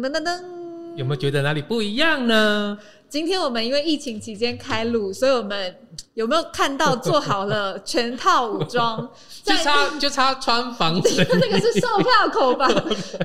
噔噔噔噔，有沒有覺得哪裡不一樣呢？今天我們因為疫情期間開錄，所以我們有沒有看到做好了全套武裝？ 就差就差穿房子，那個是售票口吧？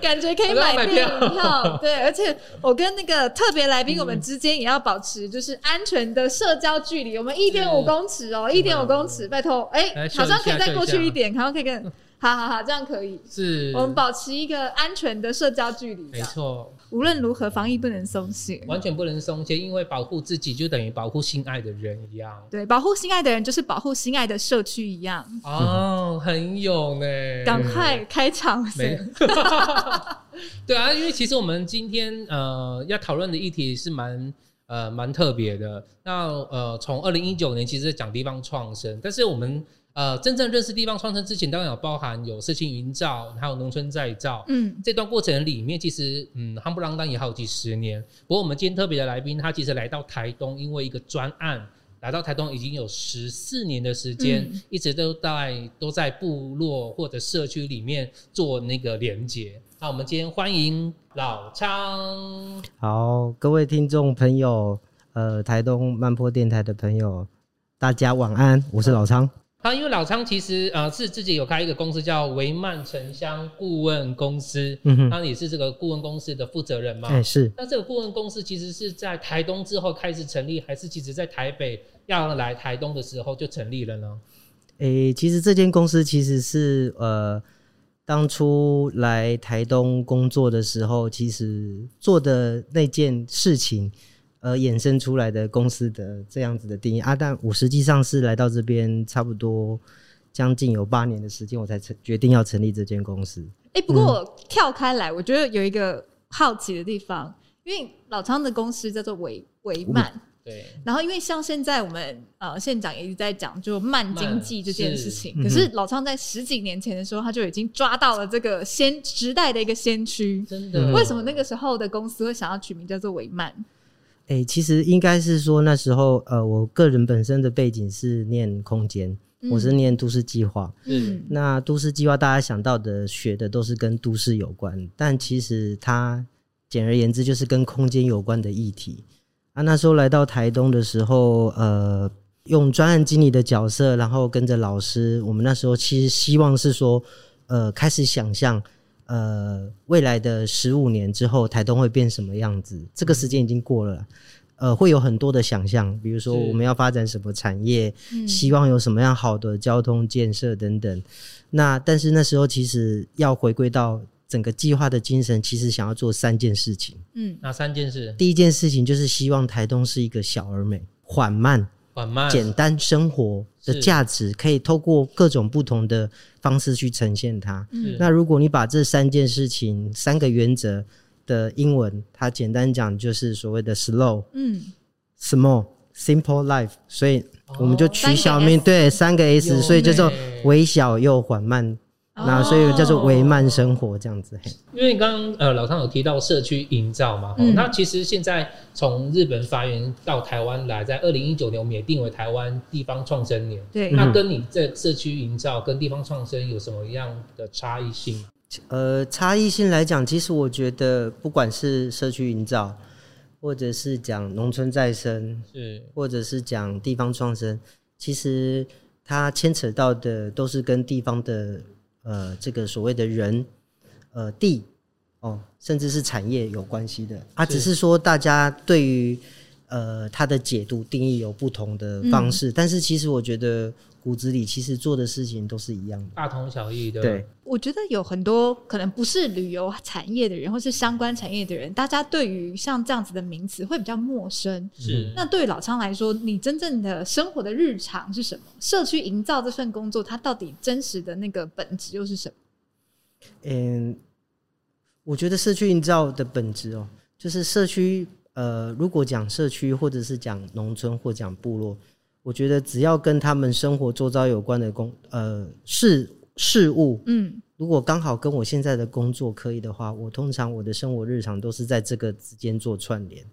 感覺可以買電影票。對，而且我跟那個特別來賓，我們之間也要保持就是安全的社交距離，我們一點五公尺哦、喔，一點五公尺，拜託，哎、欸，好像可以再過去一點，一啊、好像可以跟。好好好，這樣可以。是，我們保持一個安全的社交距離。沒錯，無論如何，防疫不能鬆懈、嗯，完全不能鬆懈，因為保護自己就等於保護心愛的人一樣。對，保護心愛的人就是保護心愛的社區一樣。哦，很有呢，嗯、趕快開場。沒， 對啊，因為其實我們今天呃要討論的議題是蠻呃蠻特別的。那呃，從二零一九年其實講地方創生，但是我們。呃，真正認識地方創生之前，當然有包含有社區營造，還有農村再造。嗯，這段過程裡面，其實嗯，夯不啷當也好幾十年。不過我們今天特別的來賓，他其實來到台東，因為一個專案來到台東已經有十四年的時間，嗯，一直都在都在部落或者社區裡面做那個連接。那我們今天歡迎老昌。好，各位聽眾朋友，呃，台東慢波電台的朋友，大家晚安，我是老昌。啊，因為老昌其實啊、呃，是自己有開一個公司叫微慢城鄉顧問公司，嗯哼，他也是這個顧問公司的負責人嘛，哎、欸、是。那這個顧問公司其實是在台東之後開始成立，還是其實，在台北要來台東的時候就成立了呢？誒、欸，其實這間公司其實是呃當初來台東工作的時候，其實做的那件事情。呃，而衍生出來的公司的這樣子的定義啊，但我實際上是來到這邊差不多將近有八年的時間，我才成決定要成立這間公司。哎、欸，不過我跳開來，我覺得有一個好奇的地方，因為老昌的公司叫做微微慢，對。然後因為像現在我們呃縣長也一直在講就慢經濟這件事情，是可是老昌在十幾年前的時候，他就已經抓到了這個先時代的一個先驅。真的，嗯、為什麼那個時候的公司會想要取名叫做微慢？誒、欸，其實應該是說那時候，呃，我個人本身的背景是念空間，嗯、我是念都市計劃。嗯，那都市計劃大家想到的學的都是跟都市有關，但其實它簡而言之就是跟空間有關的議題。啊，那時候來到台東的時候，呃，用專案經理的角色，然後跟着老師，我們那時候其實希望是說，呃，開始想象。呃，未來的十五年之後，台東會變什麼樣子？這個時間已經過了，嗯、呃，會有很多的想象，比如說我們要發展什麼產業，嗯、希望有什麼樣好的交通建設等等。那但是那時候，其實要回歸到整個計劃的精神，其實想要做三件事情。嗯，哪三件事？第一件事情就是希望台東是一個小而美、緩慢、緩慢、簡單生活。的價值可以透過各種不同的方式去呈現它。嗯。那如果你把這三件事情、三個原則的英文，它簡單講就是所謂的 “slow”，嗯，“small”，“simple life”。所以我們就取小名，哦，對，三個 S，有美。所以叫做微小又緩慢。那、啊、所以叫做微慢生活這樣子。哦、因為剛剛呃老昌有提到社區營造嘛，那、嗯、其實現在從日本發源到台灣來，在二零一九年我們也定為台灣地方創生年。對，嗯、那跟你在社區營造跟地方創生有什麼樣的差異性？呃，差異性來講，其實我覺得不管是社區營造，或者是講農村再生，是或者是講地方創生，其實它牽扯到的都是跟地方的。呃，這個所謂的人、呃地，哦，甚至是產業有關係的，啊，只是說大家對於呃它的解讀定義有不同的方式，嗯、但是其實我覺得。骨子裡其實做的事情都是一樣的，大同小異，對吧？對，我覺得有很多可能不是旅遊產業的人，或是相關產業的人，大家對於像這樣子的名詞會比較陌生。是、嗯，那對於老昌來說，你真正的生活的日常是什麼？社區營造這份工作，它到底真實的那個本質又是什麼？嗯、欸，我覺得社區營造的本質哦、喔，就是社區。呃，如果講社區，或者是講農村，或講部落。我覺得只要跟他們生活周遭有關的工呃事事物，嗯，如果剛好跟我現在的工作可以的話，我通常我的生活日常都是在這個之間做串聯。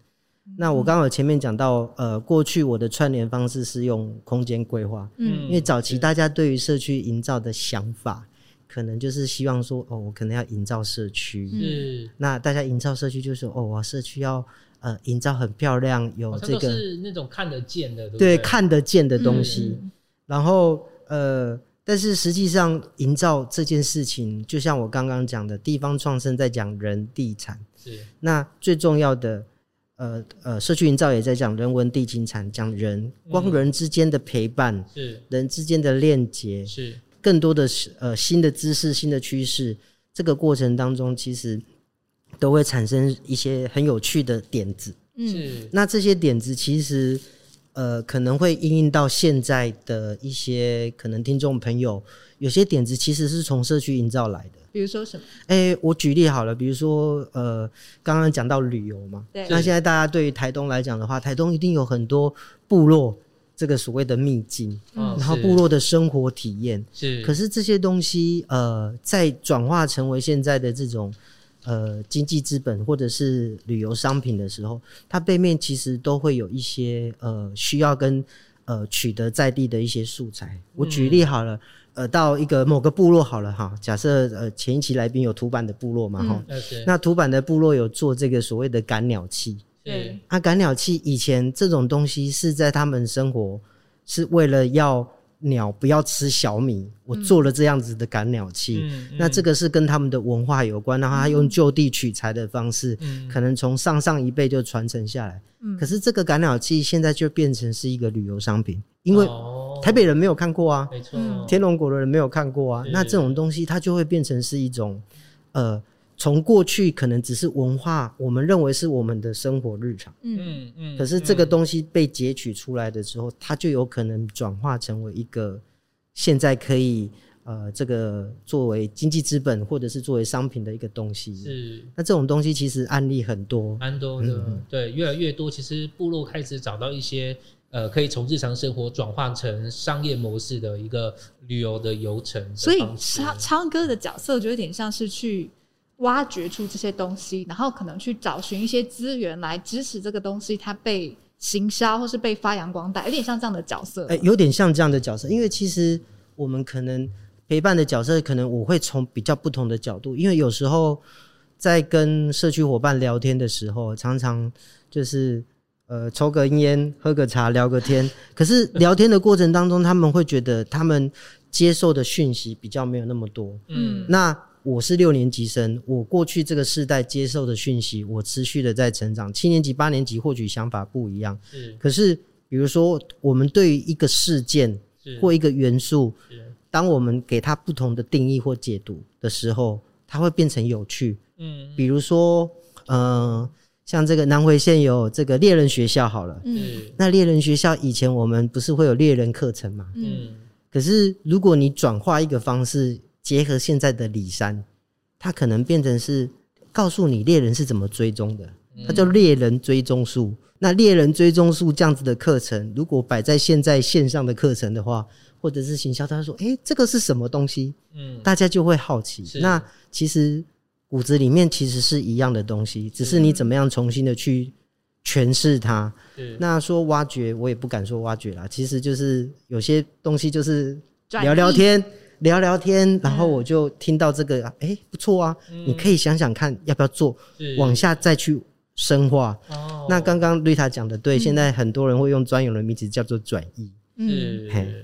嗯、那我剛好前面講到，呃，過去我的串聯方式是用空間規劃，嗯，因為早期大家對於社區營造的想法，嗯、可能就是希望說，哦，我可能要營造社區，嗯，那大家營造社區就是，哦，我社區要。呃，營造很漂亮，有這個是那種看得見的對，對，對看得見的東西。嗯、然後呃，但是實際上營造這件事情，就像我剛剛講的，地方創生在講人地產是那最重要的。呃呃，社區營造也在講人文地景產，講人光人之間的陪伴是、嗯、人之間的鏈接是更多的呃新的知識、新的趨勢。這個過程當中其實。都會產生一些很有趣的點子，嗯是，那這些點子其實，呃，可能會應用到現在的一些可能聽眾朋友，有些點子其實是從社區營造來的，比如說什麼？哎、欸，我舉例好了，比如說呃，剛剛講到旅遊嘛，對，那現在大家對於台東來講的話，台東一定有很多部落這個所謂的秘境，嗯，然後部落的生活體驗是，可是這些東西呃，在轉化成為現在的這種。呃，經濟資本或者是旅遊商品的時候，它背面其實都會有一些呃需要跟呃取得在地的一些素材。我舉例好了，呃，到一個某個部落好了哈，假設呃前一期來賓有土板的部落嘛哈，嗯 okay、那土板的部落有做這個所謂的趕鳥器，對是，那、啊、趕鳥器以前這種東西是在他們生活是為了要。鳥不要吃小米，我做了這樣子的趕鳥器。嗯、那這個是跟他們的文化有關，然後他用就地取材的方式，嗯、可能從上上一輩就傳承下來。嗯、可是這個趕鳥器現在就變成是一個旅遊商品，因為台北人沒有看過啊，哦哦、沒錯，天龍國的人沒有看過啊，是那這種東西它就會變成是一種呃。從過去可能只是文化，我們認為是我們的生活日常。嗯嗯。可是這個東西被截取出來的時候，嗯、它就有可能轉化成為一個現在可以呃，這個作為經濟資本或者是作為商品的一個東西。是。那這種東西其實案例很多，蠻多的。嗯、對，越來越多，其實部落開始找到一些呃，可以從日常生活轉換成商業模式的一個旅遊的遊程的。所以，昌哥的角色就有點像是去。挖掘出這些東西，然後可能去找尋一些資源來支持這個東西，它被行銷或是被發揚光大，有點像這樣的角色，哎、欸，有點像這樣的角色。因為其實我們可能陪伴的角色，可能我會從比較不同的角度。因為有時候在跟社區夥伴聊天的時候，常常就是呃抽個菸、喝個茶、聊個天。 可是聊天的過程當中，他們會覺得他們接受的訊息比較沒有那麼多。嗯，那。我是六年級生，我過去這個時代接受的訊息，我持續的在成長。七年級、八年級或許想法不一樣。是可是比如說，我們對於一個事件或一個元素，當我們給它不同的定義或解讀的時候，它會變成有趣。嗯，比如說，嗯、呃，像這個南回線有這個獵人學校，好了，嗯，那獵人學校以前我們不是會有獵人課程嘛？嗯，可是如果你轉化一個方式。結合現在的李三，他可能變成是告訴你獵人是怎麼追蹤的，他叫獵人追蹤術。那獵人追蹤術這樣子的課程，如果擺在現在線上的課程的話，或者是行銷，他說：“誒、欸，這個是什麼東西？”嗯，大家就會好奇。是那其實骨子裡面其實是一樣的東西，只是你怎麼樣重新的去詮釋它。那說挖掘，我也不敢說挖掘啦，其實就是有些東西就是聊聊天。聊聊天，然後我就聽到這個，哎、嗯欸，不錯啊，嗯、你可以想想看要不要做，是往下再去深化。哦、那剛剛瑞塔講的對，嗯、現在很多人會用專有的名詞叫做轉移轉譯。嗯，嘿、嗯，嗯、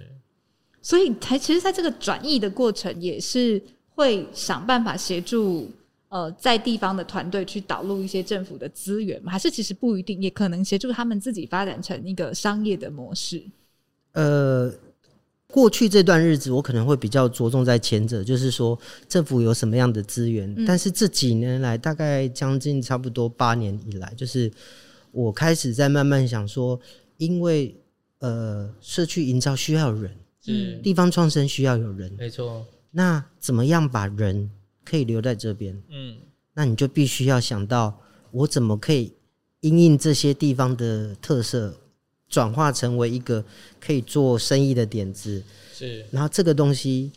所以才其實，在這個轉譯的過程，也是會想辦法協助、呃、在地方的團隊去導入一些政府的資源還是其實不一定，也可能協助他們自己發展成一個商業的模式。呃。過去這段日子，我可能會比較着重在前者，就是說政府有什麼樣的資源。但是這幾年來，大概將近差不多八年以來，就是我開始在慢慢想說，因為呃，社區營造需要人，嗯，地方創生需要有人，沒錯。那怎麼樣把人可以留在這邊？嗯，那你就必須要想到我怎麼可以因應這些地方的特色。轉化成為一個可以做生意的點子，是。然後這個東西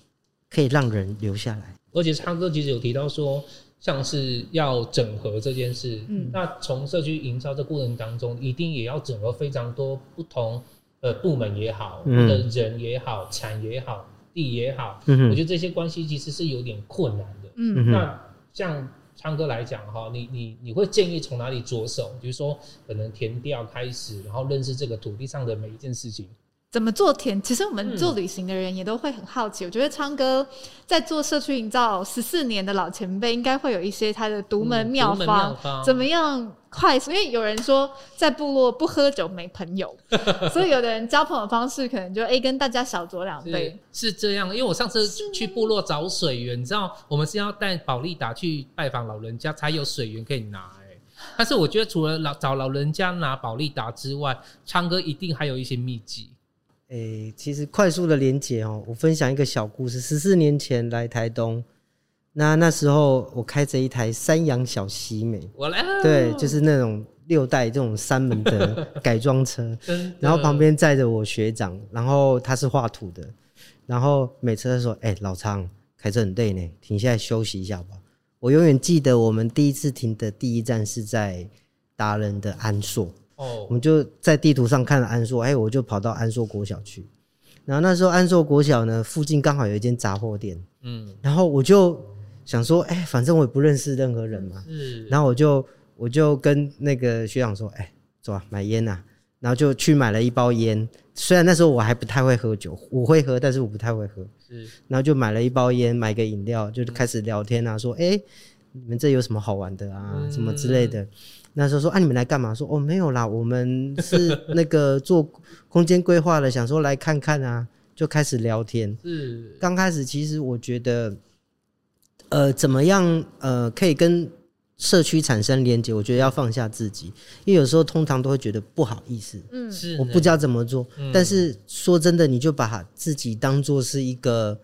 可以讓人留下來。而且昌哥其實有提到說，像是要整合這件事，嗯，那從社區營造這過程當中，一定也要整合非常多不同呃部門也好，嗯、或者人也好、產也好、地也好，嗯哼，我覺得這些關係其實是有點困難的，嗯哼，那像。唱歌來講哈，你你你會建議從哪裡着手？比如說，可能田調開始，然後認識這個土地上的每一件事情。怎麼做甜？其實我們做旅行的人也都會很好奇。嗯、我覺得昌哥在做社區營造十四年的老前輩，應該會有一些他的獨門妙方。嗯、方怎麼樣快速？因為有人說在部落不喝酒沒朋友， 所以有的人交朋友方式可能就 A、欸、跟大家小酌兩杯。是這樣，因為我上次去部落找水源，是你知道我們是要帶保力達去拜訪老人家才有水源可以拿哎、欸。但是我覺得除了老找老人家拿保力達之外，昌哥一定還有一些秘籍。哎、欸，其實快速的連接哦、喔，我分享一個小故事。十四年前來台東，那那時候我開着一台三陽小喜美，我來了，對，就是那種六代這種三門的改裝車， 然後旁邊載着我學長，然後他是畫圖的，然後每次他說：“哎、欸，老昌開車很累呢，停下來休息一下吧。”我永遠記得我們第一次停的第一站是在達仁的安朔。哦，oh. 我們就在地圖上看了安朔，哎、欸，我就跑到安朔國小去。然後那時候安朔國小呢，附近剛好有一間雜貨店，嗯，然後我就想說，哎、欸，反正我也不認識任何人嘛，嗯是，然後我就我就跟那個學長說，哎、欸，走吧、啊，買菸吶、啊，然後就去買了一包菸。雖然那時候我還不太會喝酒，我會喝，但是我不太會喝，嗯是，然後就買了一包菸，買個飲料，就開始聊天啊，說，哎、欸，你們這有什麼好玩的啊，嗯、什麼之類的。那時候說啊，你們來幹嘛？說哦，沒有啦，我們是那個做空間規劃的， 想說來看看啊，就開始聊天。是剛開始，其實我覺得，呃，怎麼樣，呃，可以跟社區產生連結？我覺得要放下自己，因為有時候通常都會覺得不好意思。嗯，是我不知道怎麼做，嗯、但是說真的，你就把自己當做是一個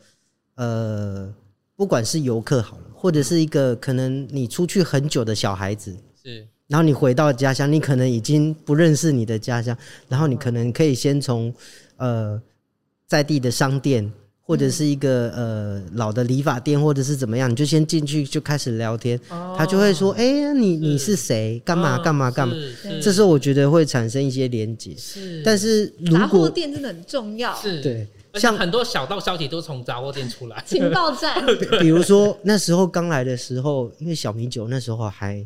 呃，不管是遊客好了，或者是一個可能你出去很久的小孩子。是。然後你回到家鄉，你可能已經不認識你的家鄉。然後你可能可以先從呃在地的商店，或者是一個呃老的理髮店，或者是怎麼樣，你就先進去就開始聊天。他就會說：“哎呀，你你是誰？幹嘛幹嘛幹嘛？”這時候我覺得會產生一些連接。是，但是如果雜貨店真的很重要，是對，像很多小道消息都從雜貨店出來，情報站。比如說那時候剛來的時候，因為小米酒那時候還。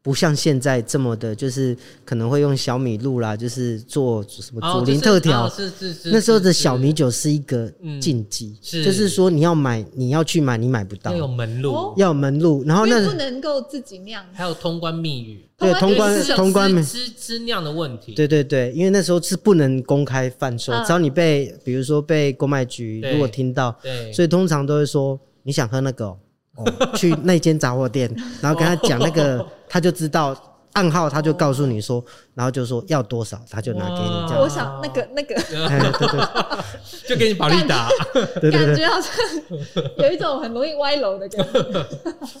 不像現在這麼的，就是可能會用小米露啦，就是做什麼竹林特調，是是是。那時候的小米酒是一個禁忌，是就是說，你要買，你要去買，你買不到，要有門路，要有門路。然後那不能夠自己釀，還有通關密語，對，通關通關之之釀的問題。對對對，因為那時候是不能公開販售，只要你被比如說被公賣局如果聽到，所以通常都會說你想喝那個。去那間雜貨店，然後跟他講那個，他就知道暗號，他就告訴你說，然後就說要多少，他就拿給你這樣。我想那個那個，就給你保力達，感覺好像有一種很容易歪樓的感覺。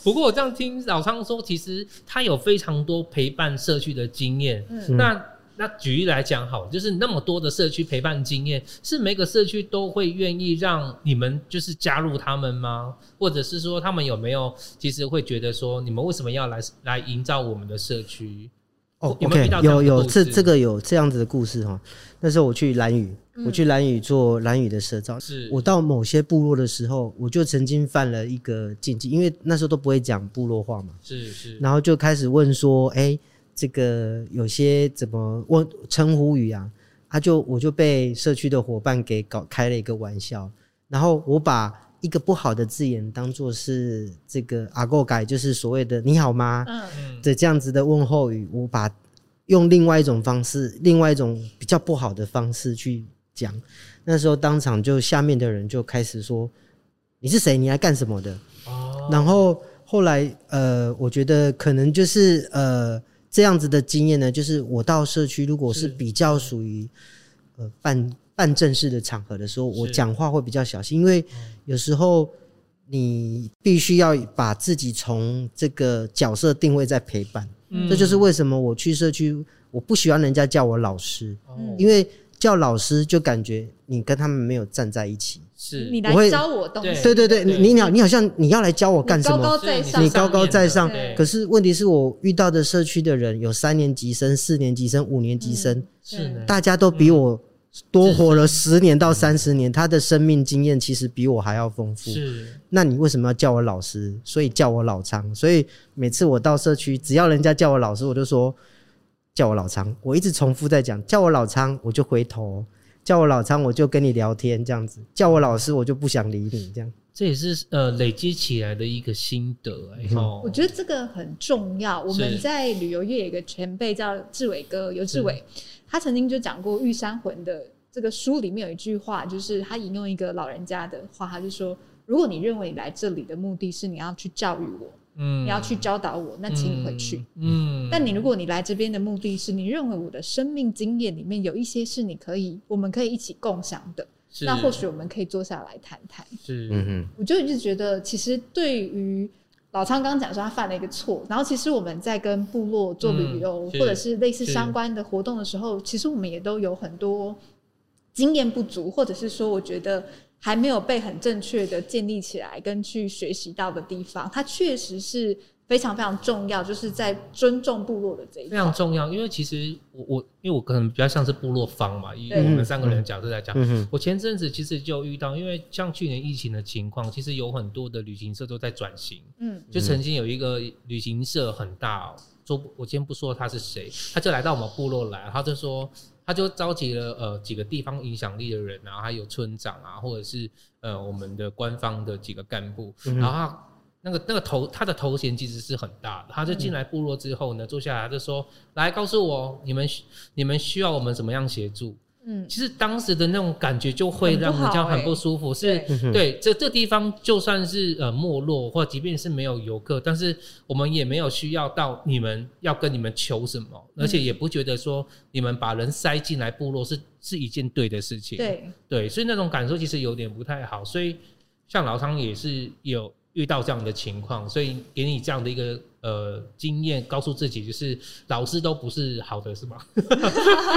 不過我這樣聽老昌說，其實他有非常多陪伴社區的經驗。嗯，那。那舉例來講好，就是那麼多的社區陪伴經驗，是每個社區都會願意讓你們就是加入他們嗎？或者是說他們有沒有其實會覺得說你們為什麼要來來營造我們的社區？哦、oh, okay.，有沒有遇到這樣的故事？有有這這個有這樣子的故事哈。那時候我去蘭嶼，嗯、我去蘭嶼做蘭嶼的社造，是我到某些部落的時候，我就曾經犯了一個禁忌，因為那時候都不會講部落話嘛，是是，然後就開始問說，哎、欸。這個有些怎麼問稱呼語啊？他就我就被社區的夥伴給搞開了一個玩笑，然後我把一個不好的字眼當做是這個阿狗改，就是所謂的你好嗎的這樣子的問候語，我把用另外一種方式，另外一種比較不好的方式去講。那時候當場就下面的人就開始說：“你是誰？你來幹什麼的？”然後後來呃，我覺得可能就是呃。這樣子的經驗呢，就是我到社區，如果是比較屬於是呃半半正式的場合的時候，我講話會比較小心，因為有時候你必須要把自己從這個角色定位在陪伴，嗯、這就是為什麼我去社區，我不喜歡人家叫我老師，嗯、因為叫老師就感覺你跟他們沒有站在一起。是你來教我東西？對對對，你，你好，你好像你要來教我幹什麼？你高高在上，可是問題是我遇到的社區的人有三年級生、四年級生、五年級生，大家都比我多活了十年到三十年，他的生命經驗其實比我還要豐富。那你為什麼要叫我老師？所以叫我老昌。所以每次我到社區，只要人家叫我老師，我就說叫我老昌。我一直重複在講叫我老昌，我就回頭。叫我老昌，我就跟你聊天這樣子；叫我老師，我就不想理你這樣。嗯、這也是呃累積起來的一個心得哎、欸。嗯哦、我覺得這個很重要。我們在旅遊業有一個前輩叫志偉哥，有是志偉，他曾經就講過《玉山魂》的這個書裡面有一句話，就是他引用一個老人家的話，他就說。如果你認為你來這裡的目的是你要去教育我，嗯，你要去教導我，那請你回去，嗯。嗯，但你如果你來這邊的目的是你認為我的生命經驗裡面有一些是你可以，我們可以一起共享的，是那或許我們可以坐下來談談。是，嗯哼我就一直覺得，其實對於老昌剛講說他犯了一個錯，然後其實我們在跟部落做旅遊、嗯、或者是類似相關的活動的時候，是其實我們也都有很多經驗不足，或者是說我覺得。還沒有被很正確的建立起來跟去學習到的地方，它確實是非常非常重要，就是在尊重部落的這一點，非常重要。因為其實我我因為我可能比較像是部落方嘛，對以我們三個人的角度來講，嗯、我前陣子其實就遇到，因為像去年疫情的情況，其實有很多的旅行社都在轉型，嗯，就曾經有一個旅行社很大，喔，說我先不說他是誰，他就來到我們部落來，他就說。他就召集了呃幾個地方影響力的人啊，然後，還有村長啊，或者是呃我們的官方的幾個幹部。嗯嗯，然後他那個那個頭，他的頭銜其實是很大的。他就進來部落之後呢，坐下來就說：“嗯嗯，來，告訴我你們你們需要我們怎麼樣協助？”嗯，其實當時的那種感覺就會讓人家很不舒服。嗯，欸、對是對，這這地方就算是呃沒落，或即便是沒有遊客，但是我們也沒有需要到你們要跟你們求什麼，嗯、而且也不覺得說你們把人塞進來部落是是一件對的事情。對對，所以那種感受其實有點不太好。所以像老昌也是有。遇到這樣的情況，所以給你這樣的一個呃經驗，告訴自己就是老師都不是好的，是嗎？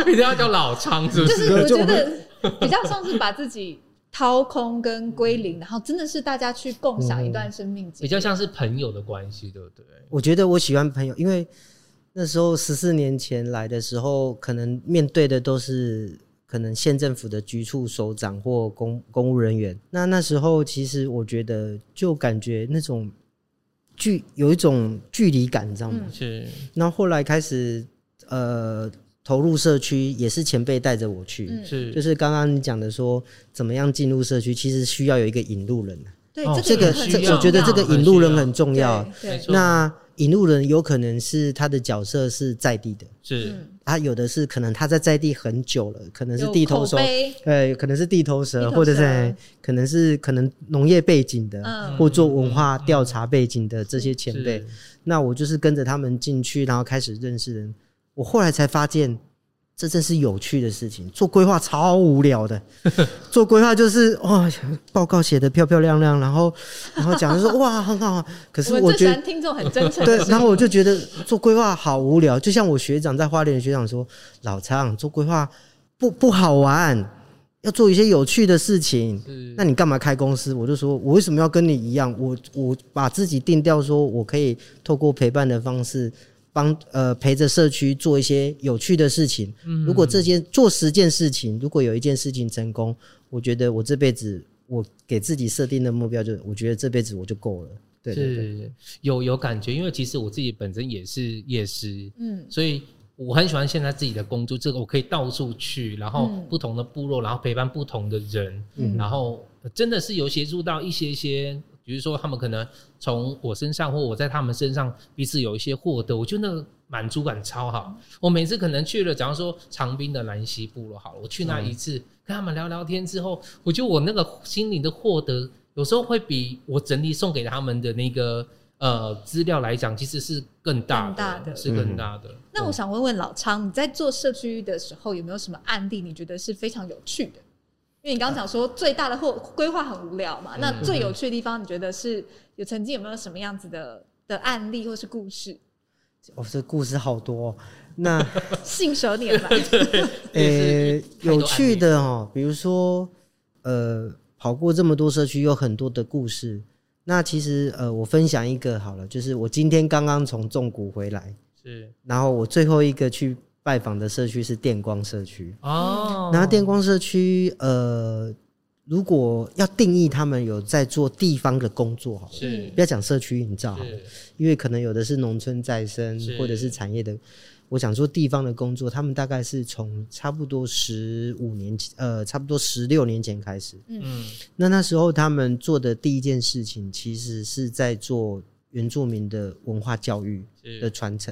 一定要叫老昌， 就是我覺得比較像是把自己掏空跟歸零，嗯、然後真的是大家去共享一段生命、嗯，比較像是朋友的關係，對不對？我覺得我喜歡朋友，因為那時候十四年前來的時候，可能面對的都是。可能縣政府的局處首長或公公務人員，那那時候其實我覺得就感覺那種距有一種距離感，你知道嗎？嗯、是。然後，後來開始呃投入社區，也是前輩帶着我去，嗯、是。就是剛剛你講的說，怎麼樣進入社區，其實需要有一個引路人。對，這個、這個、這我覺得這個引路人很重要。要對，對錯那。引路人有可能是，他的角色是在地的，是，他有的是可能他在在地很久了，可能是地頭蛇，呃、欸，可能是地頭蛇，頭蛇，或者是、欸、可能是可能農業背景的，嗯、或做文化調查背景的這些前輩。嗯、那我就是跟着他們進去，然後開始認識人。我後來才發現。這真是有趣的事情，做規劃超無聊的。 做規劃就是哇、哦，報告寫得漂漂亮亮，然後然後講說 哇，很好啊。可是我覺得聽眾很真誠。 對，然後我就覺得做規劃好無聊。 就像我學長在花蓮的學長說，老昌做規劃不不好玩，要做一些有趣的事情。是那你幹嘛開公司？我就說我為什麼要跟你一樣？我我把自己定調說我可以透過陪伴的方式。幫呃陪着社區做一些有趣的事情。如果這件做十件事情，如果有一件事情成功，我覺得我這輩子我給自己設定的目標，就我覺得這輩子我就夠了。對，對，是有有感覺，因為其實我自己本身也是夜師嗯，所以我很喜歡現在自己的工作，這個我可以到處去，然後不同的部落，然後陪伴不同的人，然後真的是有協助到一些些。比如說，他們可能從我身上，或我在他們身上，彼此有一些獲得，我覺得那個滿足感超好。嗯、我每次可能去了，假如說長濱的蘭溪部落好了，我去那一次，跟他們聊聊天之後，嗯、我覺得我那個心靈的獲得，有時候會比我整理送給他們的那個呃資料來講，其實是更大的，更大的是更大的。嗯嗯、那我想問問老昌，你在做社區的時候，有沒有什麼案例，你覺得是非常有趣的？因為你剛剛講說，最大的或規劃很無聊嘛，嗯、哼那最有趣的地方，你覺得是有曾經有沒有什麼樣子的的案例或是故事？哦，這故事好多、哦，那 信手拈來。呃 對，欸、有趣的哦，比如說，呃，跑過這麼多社區，有很多的故事。那其實呃，我分享一個好了，就是我今天剛剛從重谷回來，是，然後我最後一個去。拜訪的社區是電光社區哦，那電光社區呃，如果要定義他們有在做地方的工作好了，是不要講社區營造，因為可能有的是農村再生是或者是產業的，我想說地方的工作，他們大概是從差不多十五年前呃，差不多十六年前開始，嗯，那那時候他們做的第一件事情，其實是在做原住民的文化教育的傳承，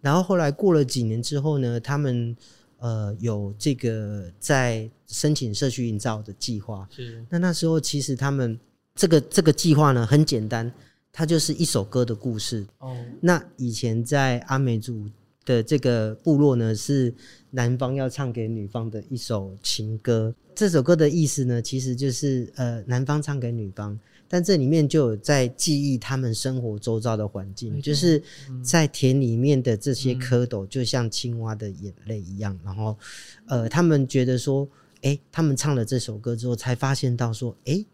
然後後來過了幾年之後呢，他們呃有這個在申請社區營造的計劃。是。那那時候其實他們這個這個計劃呢很簡單，它就是一首歌的故事。哦。那以前在阿美族的這個部落呢，是男方要唱給女方的一首情歌。這首歌的意思呢，其實就是呃男方唱給女方。但這裡面就有在記憶他們生活周遭的環境，就是在田裡面的這些蝌蚪，就像青蛙的眼淚一樣。然後，呃，他們覺得說，誒，他們唱了這首歌之後，才發現到說，誒，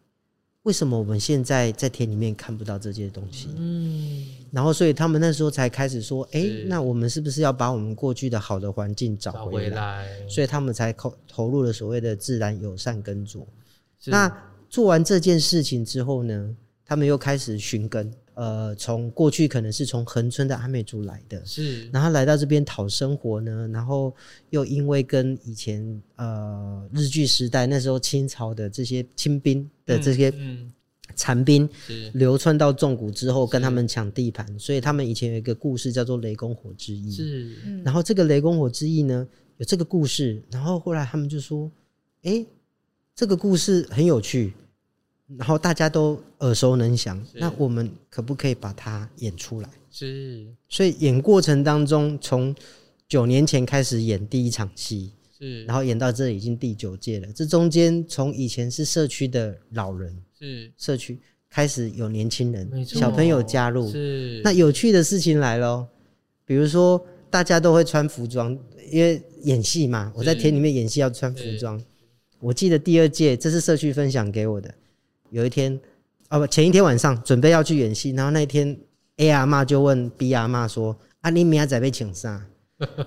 為什麼我們現在在田裡面看不到這些東西？嗯，然後，所以他們那時候才開始說，誒，那我們是不是要把我們過去的好的環境找回來？所以他們才投投入了所謂的自然友善耕作。那。做完這件事情之後呢，他們又開始尋根。呃，從過去可能是從恆春的阿美族來的，是。然後來到這邊討生活呢，然後又因為跟以前呃日據時代那時候清朝的這些清兵的這些殘兵流竄到縱谷之後，跟他們搶地盤，是所以他們以前有一個故事叫做雷公火之役。是。然後這個雷公火之役呢，有這個故事，然後後來他們就說，哎、欸。這個故事很有趣，然後大家都耳熟能詳。是那我們可不可以把它演出來？是，所以演過程當中，從九年前開始演第一場戲，是，然後演到這已經第九屆了。這中間從以前是社區的老人，是社區開始有年輕人、錯小朋友加入。是，那有趣的事情來咯，比如說大家都會穿服裝，因為演戲嘛。是我在田裡面演戲要穿服裝。我記得第二屆，這是社區分享給我的。有一天，哦不，前一天晚上準備要去演戲，然後那一天，A 阿媽就問 B 阿媽說：“啊，你明仔準備穿啥？”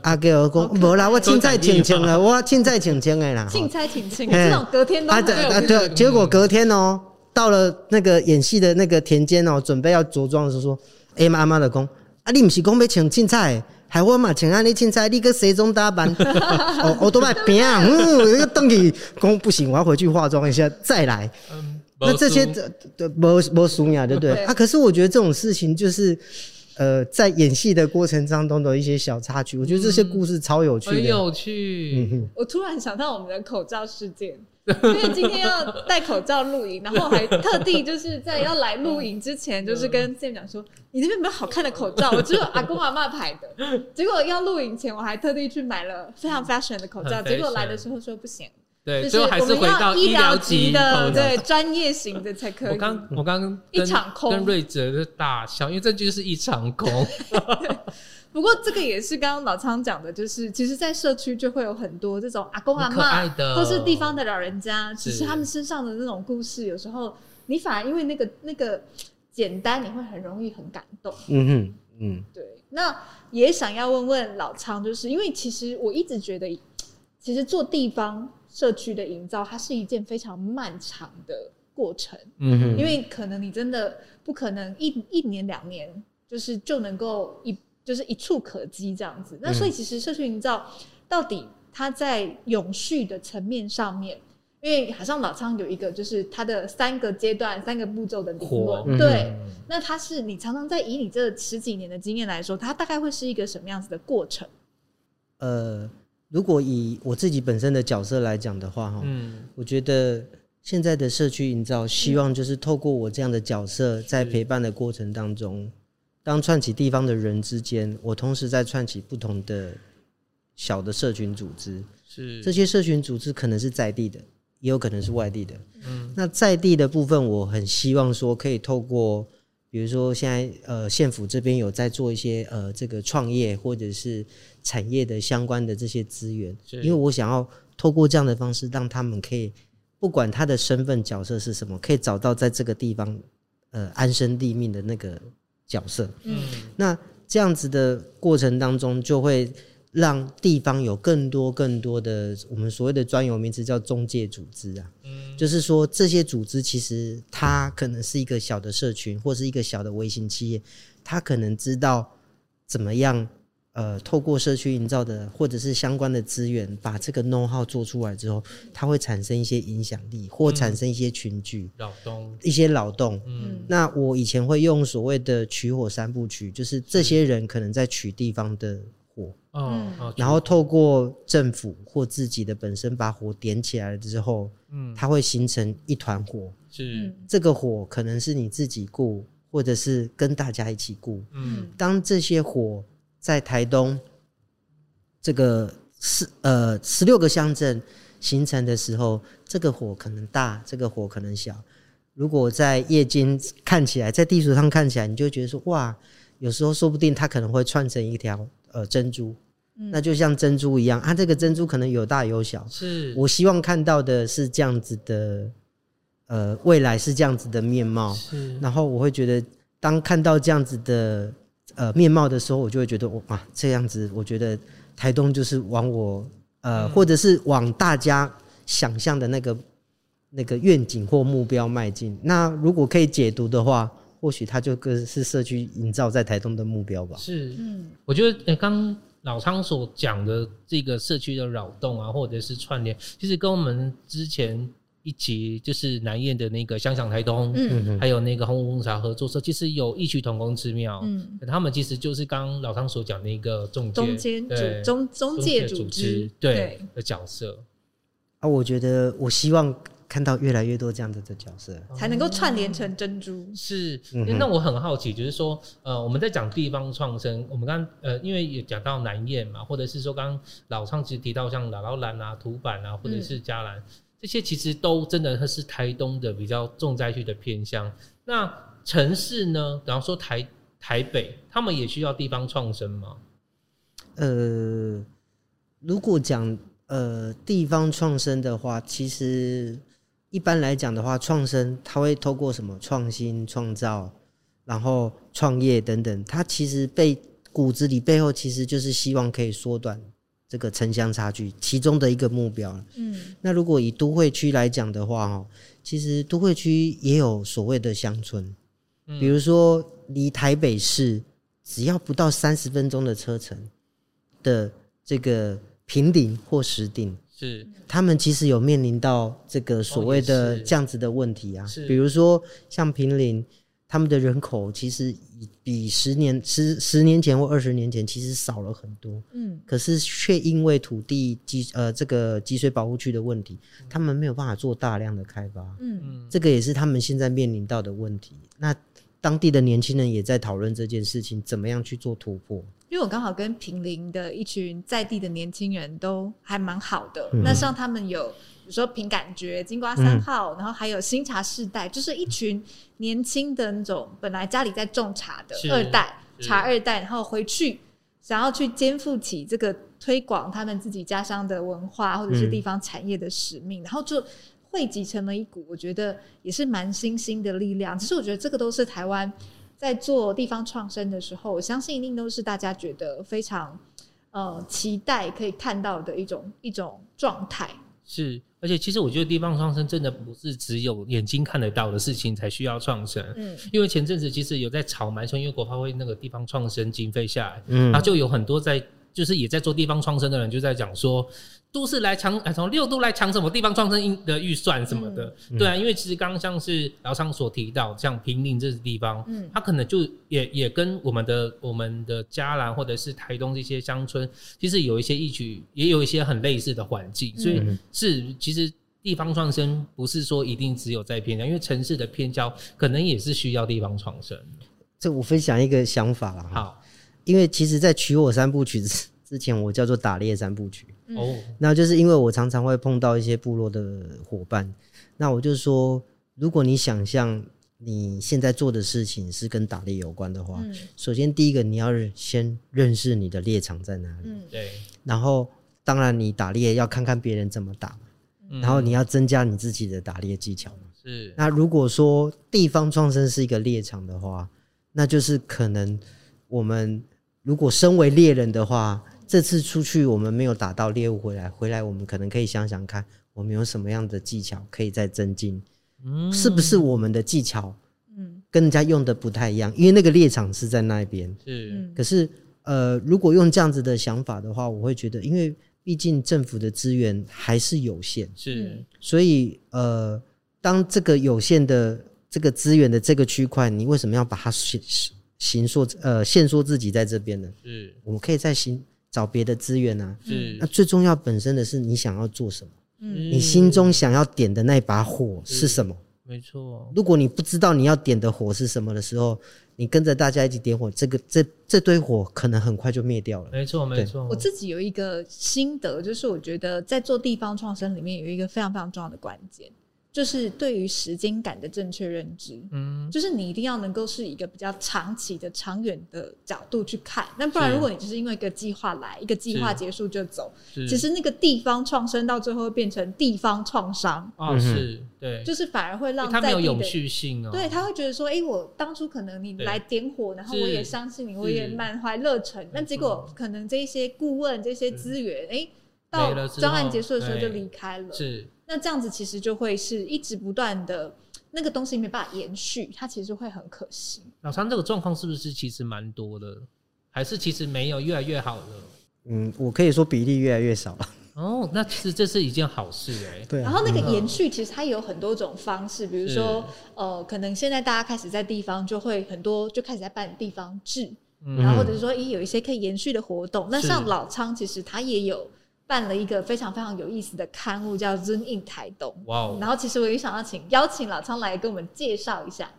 阿哥呵、啊、我公，無 Okay,、喔、啦，我青菜穿穿了，我青菜穿穿的啦。青菜穿穿，這種 隔天都有、欸。啊對結果隔天哦，到了那個演戲的那個田間哦，準備要着裝的時候說，說：“A 媽媽的公，啊你不是講要穿青菜。”還問嘛，請安的青菜，你跟誰中打扮？我我都買平嗯，一個鄧麗公不行，我要回去化妝一下再來。嗯、那這些這對不不俗呀，對不對？對啊，可是我覺得這種事情就是呃，在演戲的過程當中的一些小插曲，我覺得這些故事超有趣的，超、嗯、有趣。嗯、我突然想到我們的口罩事件。 因為今天要戴口罩錄影，然後還特地就是在要來錄影之前，就是跟 Sam 講說，你那邊沒有好看的口罩？我只有阿公阿媽牌的。結果要錄影前，我還特地去買了非常 fashion 的口罩。結果來的時候說不行，對、嗯，就是我們要醫療級的，對專業型的才可以。我剛我剛一場空跟瑞哲的打笑，因為這就是一場空。 不過這個也是剛剛老昌講的，就是其實，在社區就會有很多這種阿公阿媽，或是地方的老人家。是其實他們身上的那種故事，有時候你反而因為那個那個簡單，你會很容易很感動。嗯哼，嗯，對。那也想要問問老昌，就是因為其實我一直覺得，其實做地方社區的營造，它是一件非常漫長的過程。嗯哼，因為可能你真的不可能一一年兩年，就是就能夠一。就是一觸可及這樣子，那所以其實社區營造到底它在永續的層面上面，因為好像老昌有一個就是它的三個階段、三個步驟的理論，對，那它是你常常在以你這十幾年的經驗來說，它大概會是一個什麼樣子的過程？呃，如果以我自己本身的角色來講的話，哈、嗯，我覺得現在的社區營造，希望就是透過我這樣的角色，在陪伴的過程當中。嗯當串起地方的人之間，我同時在串起不同的小的社群組織。是這些社群組織可能是在地的，也有可能是外地的。嗯，嗯，那在地的部分，我很希望說可以透過，比如說現在呃，縣府這邊有在做一些呃這個創業或者是產業的相關的這些資源，是因為我想要透過這樣的方式，讓他們可以不管他的身份角色是什麼，可以找到在這個地方呃安身立命的那個。角色，嗯，那這樣子的過程當中，就會讓地方有更多更多的我們所謂的專有名詞叫中介組織啊，就是說這些組織其實它可能是一個小的社群，或是一個小的微型企業，它可能知道怎麼樣。呃，透過社區營造的，或者是相關的資源，把這個 know how 做出來之後，它會產生一些影響力，或產生一些群聚、嗯、一些勞動嗯，那我以前會用所謂的取火三部曲，就是這些人可能在取地方的火，嗯是，然後透過政府或自己的本身把火點起來之後，嗯，它會形成一團火，是這個火可能是你自己顧，或者是跟大家一起顧，嗯，當這些火。在台東這個十呃十六個鄉鎮形成的時候，這個火可能大，這個火可能小。如果在夜間看起來，在地圖上看起來，你就覺得說哇，有時候說不定它可能會串成一條呃珍珠，嗯、那就像珍珠一樣。它、啊、這個珍珠可能有大有小，是我希望看到的是這樣子的。呃，未來是這樣子的面貌，是然後我會覺得當看到這樣子的。呃，面貌的時候，我就會覺得哇，這樣子，我覺得台東就是往我呃，嗯、或者是往大家想象的那個那個願景或目標邁進。那如果可以解讀的話，或許它就更是社區營造在台東的目標吧。是，嗯，我覺得，剛、欸、老昌所講的這個社區的擾動啊，或者是串聯，其實跟我們之前。一起就是南燕的那個香港台東，嗯哼，還有那個紅、紅茶合作社，其實有異曲同工之妙。嗯，他們其實就是剛老昌所講的一個中間間對、中介主持中介組織對、對的角色。啊，我覺得我希望看到越來越多這樣的的角色，才能夠串聯成珍珠。嗯、是，嗯、哼那我很好奇，就是說，呃，我們在講地方創生，我們剛呃，因為有講到南燕嘛，或者是說，剛老昌其實提到像拉勞蘭啊、土坂啊，或者是嘉蘭。嗯這些其實都真的它，是台東的比較重災區的偏鄉。那城市呢？比方說台台北，他們也需要地方創生嗎？呃，如果講呃地方創生的話，其實一般來講的話，創生它會透過什麼創新創造，然後創業等等，它其實背骨子裡背後其實就是希望可以縮短。這個城鄉差距其中的一個目標，嗯，那如果以都會區來講的話，哦，其實都會區也有所謂的鄉村，嗯、比如說離台北市只要不到三十分鐘的車程的這個坪林或石碇，是他們其實有面臨到這個所謂的這樣子的問題啊。哦、是是比如說像坪林。他們的人口其實比十年、十十年前或二十年前，其實少了很多，嗯，可是卻因為土地集呃這個集水保護區的問題，嗯、他們沒有辦法做大量的開發，嗯，這個也是他們現在面臨到的問題。嗯、那當地的年輕人也在討論這件事情，怎麼樣去做突破？因為我剛好跟平林的一群在地的年輕人都還蠻好的，嗯、哼那像他們有。比如說憑感覺，金瓜三號，嗯、然後還有新茶世代，就是一群年輕的那種，本來家裡在種茶的二代是是茶二代，然後回去想要去肩負起這個推廣他們自己家鄉的文化或者是地方產業的使命，嗯、然後就匯集成了一股，我覺得也是蠻新興的力量。其實我覺得這個都是台灣在做地方創生的時候，我相信一定都是大家覺得非常呃期待可以看到的一種一種狀態。是。而且，其實我覺得地方創生真的不是只有眼睛看得到的事情才需要創生。嗯，因為前陣子其實有在炒蠻兇，因為國發會那個地方創生經費下來，嗯，然後就有很多在。就是也在做地方創生的人，就在講說，都市來搶，從六都來搶什麼地方創生的預算什麼的，對啊，因為其實剛剛像是老昌所提到，像平寧這些地方，嗯，它可能就也也跟我們的我們的嘉南或者是台東這些鄉村，其實有一些異曲，也有一些很類似的環境，所以是其實地方創生不是說一定只有在偏鄉，因為城市的偏郊可能也是需要地方創生。這我分享一個想法啦，因為其實，在《娶我三部曲》之之前，我叫做“打獵三部曲”嗯。哦，那就是因為我常常會碰到一些部落的夥伴，那我就說，如果你想象你現在做的事情是跟打獵有關的話，嗯、首先第一個你要先認識你的獵場在哪裡。對、嗯。然後，當然你打獵要看看別人怎麼打，然後你要增加你自己的打獵技巧是。嗯、那如果說地方創生是一個獵場的話，那就是可能我們。如果身為獵人的話，這次出去我們沒有打到獵物回來，回來我們可能可以想想看，我們有什麼樣的技巧可以再增進，嗯，是不是我們的技巧，嗯，跟人家用的不太一樣？因為那個獵場是在那邊，是。可是，呃，如果用這樣子的想法的話，我會覺得，因為畢竟政府的資源還是有限，是。所以，呃，當這個有限的這個資源的這個區塊，你為什麼要把它？行說呃，現說自己在這邊的，嗯是，我們可以再尋找別的資源啊，是嗯，那最重要本身的是你想要做什麼，嗯，你心中想要點的那把火是什麼？沒錯。如果你不知道你要點的火是什麼的時候，你跟着大家一起點火，這個這這堆火可能很快就滅掉了。沒錯，沒錯，我自己有一個心得，就是我覺得在做地方創生裡面有一個非常非常重要的關鍵。就是對於時間感的正確認知，嗯，就是你一定要能夠是一個比較長期的、長遠的角度去看。那不然，如果你只是因為一個計劃來，一個計劃結束就走，其實那個地方創生到最後會變成地方創傷啊。是，對，就是反而會讓他沒有延續性哦。對，他會覺得說，哎，我當初可能你來點火，然後我也相信你，我也滿懷熱忱，那結果可能這些顧問、這些資源，哎，到專案結束的時候就離開了。是。那這樣子其實就會是一直不斷的，那個東西沒辦法延續，它其實會很可惜。老昌這個狀況是不是其實蠻多的，還是其實沒有越來越好的？嗯，我可以說比例越來越少了。哦，那其實這是一件好事耶。 對啊。然後那個延續其實它有很多種方式，比如說是呃，可能現在大家開始在地方就會很多，就開始在辦地方誌然後或者說咦有一些可以延續的活動。那像老昌其實它也有，辦了一個非常非常有意思的刊物，叫《Zoom In Taitung》Wow。哇哦！然後其實我也想要請邀請老昌來跟我們介紹一下。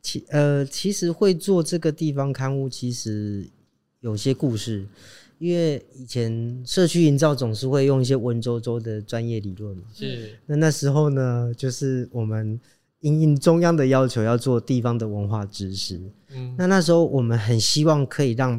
其呃，其實會做這個地方刊物，其實有些故事。因為以前社區營造總是會用一些文縐縐的專業理論嘛。是。那那時候呢，就是我們應應中央的要求，要做地方的文化知識。嗯。那那時候我們很希望可以讓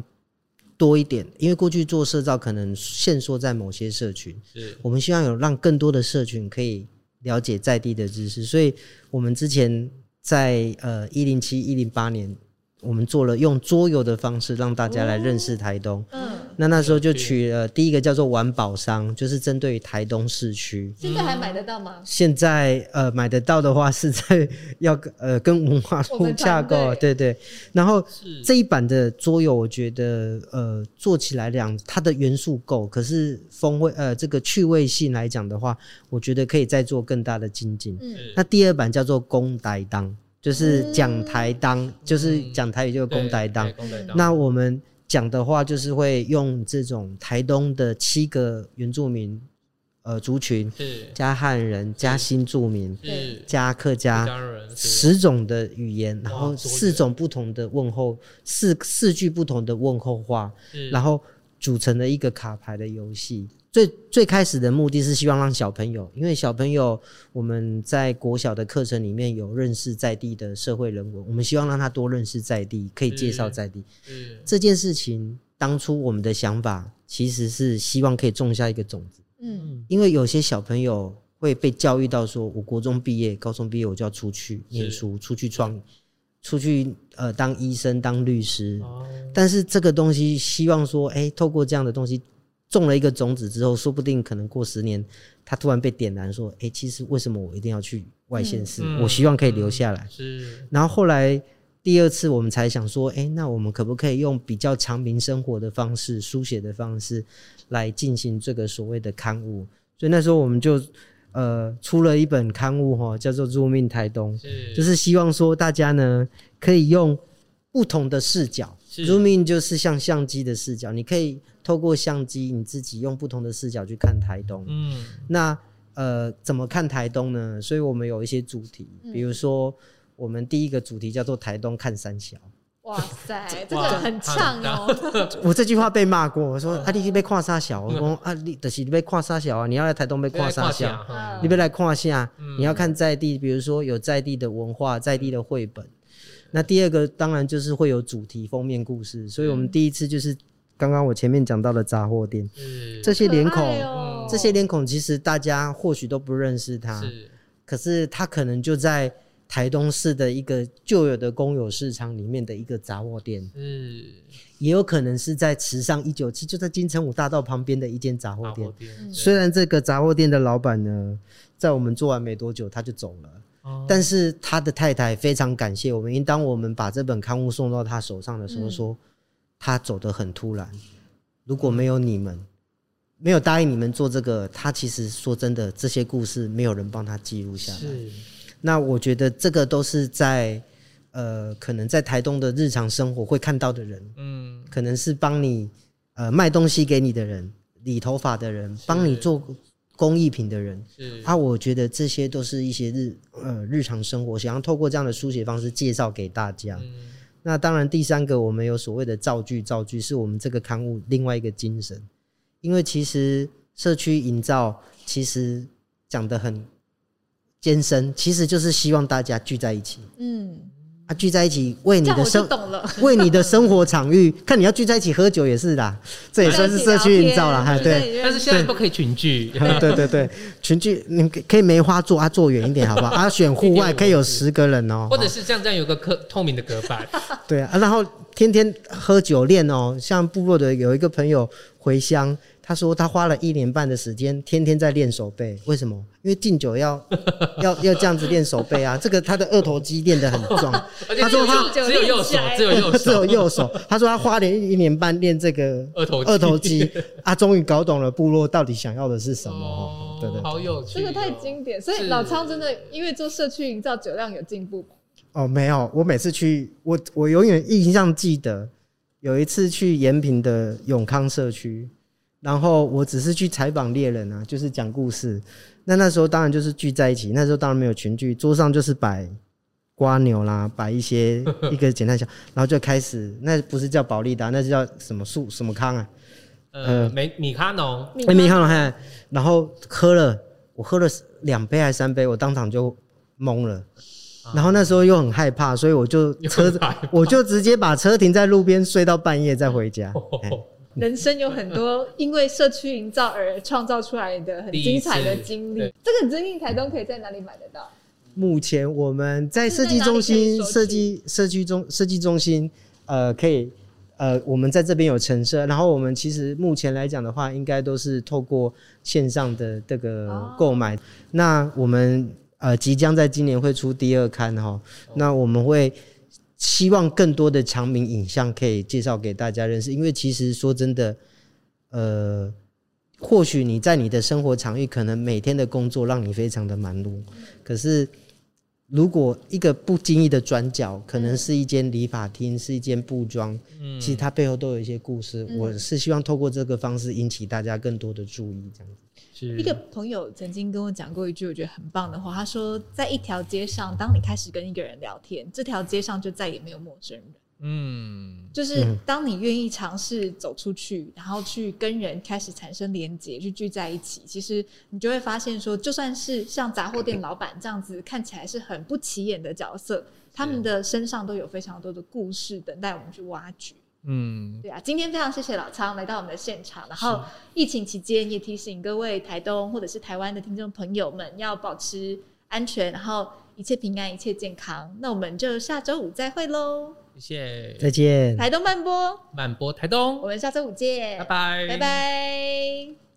多一點，因為過去做社造可能限縮在某些社群，是我們希望有讓更多的社群可以了解在地的知識，所以我們之前在呃一零七、一零八年。我們做了用桌遊的方式讓大家來認識台東。嗯，嗯那，那時候就取了第一個叫做“玩寶商”，就是針對台東市區。現在還買得到嗎？現在呃買得到的話是在要呃跟文化處洽購，對對。然後這一版的桌遊，我覺得呃做起來兩它的元素夠，可是風味呃這個趣味性來講的話，我覺得可以再做更大的精進。嗯，那第二版叫做“公呆當”。就是講台當，嗯、就是講台語，就是公台當。台當那我們講的話，就是會用這種台東的七個原住民呃族群，是加漢人、加新住民、是加客家十種的語言，然後四種不同的問候，四四句不同的問候話，是然後組成了一個卡牌的遊戲。最最開始的目的是希望讓小朋友，因為小朋友我們在國小的課程裡面有認識在地的社會人文，我們希望讓他多認識在地，可以介紹在地。嗯，這件事情當初我們的想法其實是希望可以種下一個種子。嗯，因為有些小朋友會被教育到說，我國中畢業、高中畢業，我就要出去念書、出去創、出去呃當醫生、當律師。但是這個東西希望說，哎，透過這樣的東西。種了一個種子之後，說不定可能過十年，他突然被點燃，說：“哎、欸，其實為什麼我一定要去外縣市？嗯、我希望可以留下來。嗯”是。然後後來第二次，我們才想說：“哎、欸，那我們可不可以用比較常民生活的方式、書寫的方式來進行這個所謂的刊物？”所以那時候我們就呃出了一本刊物哈，叫做《Zoom In 台東》，是就是希望說大家呢可以用不同的視角，Zoom In< 是>就是像相機的視角，你可以。透過相機，你自己用不同的視角去看台東。嗯，那呃，怎麼看台東呢？所以我們有一些主題，嗯、比如說我們第一個主題叫做“台東看三小”。哇塞，這個很嗆哦、喔！ 我這句話被罵過，我說：“啊，你被跨沙小。”我說：“啊，啊你的是你被跨沙小啊，你要來台東被跨沙小，你被來跨下。你要看在地，比如說有在地的文化，在地的繪本。那第二個當然就是會有主題封面故事。所以我們第一次就是。剛剛我前面講到的雜貨店，是這些臉孔，喔、這些臉孔其實大家或許都不認識他，是可是他可能就在台東市的一個舊有的公有市場裡面的一個雜貨店，嗯是，也有可能是在池上一九七，就在金城武大道旁邊的一間雜貨店。店雖然這個雜貨店的老板呢，在我們做完沒多久他就走了，嗯、但是他的太太非常感謝我們，因為當我們把這本刊物送到他手上的時候說，嗯他走得很突然，如果沒有你們，沒有答應你們做這個，他其實說真的，這些故事沒有人幫他記錄下來。是那我覺得這個都是在呃，可能在台東的日常生活會看到的人，嗯，可能是幫你呃賣東西給你的人、理頭髮的人、幫是你做工藝品的人，是啊，我覺得這些都是一些日呃日常生活，想要透過這樣的書寫方式介紹給大家。嗯那當然，第三個我們有所謂的造句，造句是我們這個刊物另外一個精神。因為其實社區營造其實講得很艱深，其實就是希望大家聚在一起。嗯。啊，聚在一起為你的生，為你的生活場域，看你要聚在一起喝酒也是啦，這也算是社區營造了哈。對，但是現在不可以群聚，對對對，對，群聚你可以梅花座啊，坐遠一點好不好？啊，選戶外可以有十個人哦，或者是像這樣有個透明的隔板，對啊，然後天天喝酒練哦。像部落的有一個朋友回鄉。他說他花了一年半的時間，天天在練手背。為什麼？因為敬酒要要要這樣子練手背啊！這個他的二頭肌練得很壯。他說他只有右手，只有右手。他說他花了一年半練這個二頭二頭肌啊，終於搞懂了部落到底想要的是什麼。對對，好有趣，這個太經典。所以老昌真的因為做社區營造，酒量有進步嗎？哦，沒有。我每次去，我我永遠印象記得有一次去延平的永康社區。然後我只是去採訪獵人啊，就是講故事。那那時候當然就是聚在一起，那時候當然沒有群聚，桌上就是擺蝸牛啦，擺一些 一個簡單小，然後就開始，那不是叫保力達，那是叫什麼樹什麼康啊？呃，呃米卡農，米卡農、嗯，然後喝了，我喝了兩杯還是三杯，我當場就懵了。啊、然後那時候又很害怕，所以我就車子，我就直接把車停在路邊，睡到半夜再回家。 人生有很多因為社區營造而創造出來的很精彩的經歷。這個 Zoom In 台東可以在哪裡買得到？目前我們在設計中心，設計設計中設計中心，呃，可以呃，我們在這邊有陳設。然後我們其實目前來講的話，應該都是透過線上的這個購買。哦、那我們呃，即將在今年會出第二刊哈，哦、那我們會。希望更多的常民影像，可以介紹給大家認識，因為其實說真的，呃，或許你在你的生活場域，可能每天的工作讓你非常的忙碌，嗯、可是如果一個不經意的轉角，可能是一間理髮廳，是一間布莊，嗯、其實它背後都有一些故事。嗯、我是希望透過這個方式引起大家更多的注意，這樣子。一個朋友曾經跟我講過一句我覺得很棒的話，他說在一條街上，當你開始跟一個人聊天，這條街上就再也沒有陌生人。嗯，就是當你願意嘗試走出去，然後去跟人開始產生連接，去聚在一起，其實你就會發現說，說就算是像雜貨店老板這樣子，看起來是很不起眼的角色，他們的身上都有非常多的故事，等待我們去挖掘。嗯，對啊，今天非常謝謝老昌來到我們的現場。然後疫情期間也提醒各位台東或者是台灣的聽眾朋友們，要保持安全，然後一切平安，一切健康。那我們就下周五再會嘍。謝謝，再見。台東慢波，慢播台東，我們下周五見。拜拜，拜拜。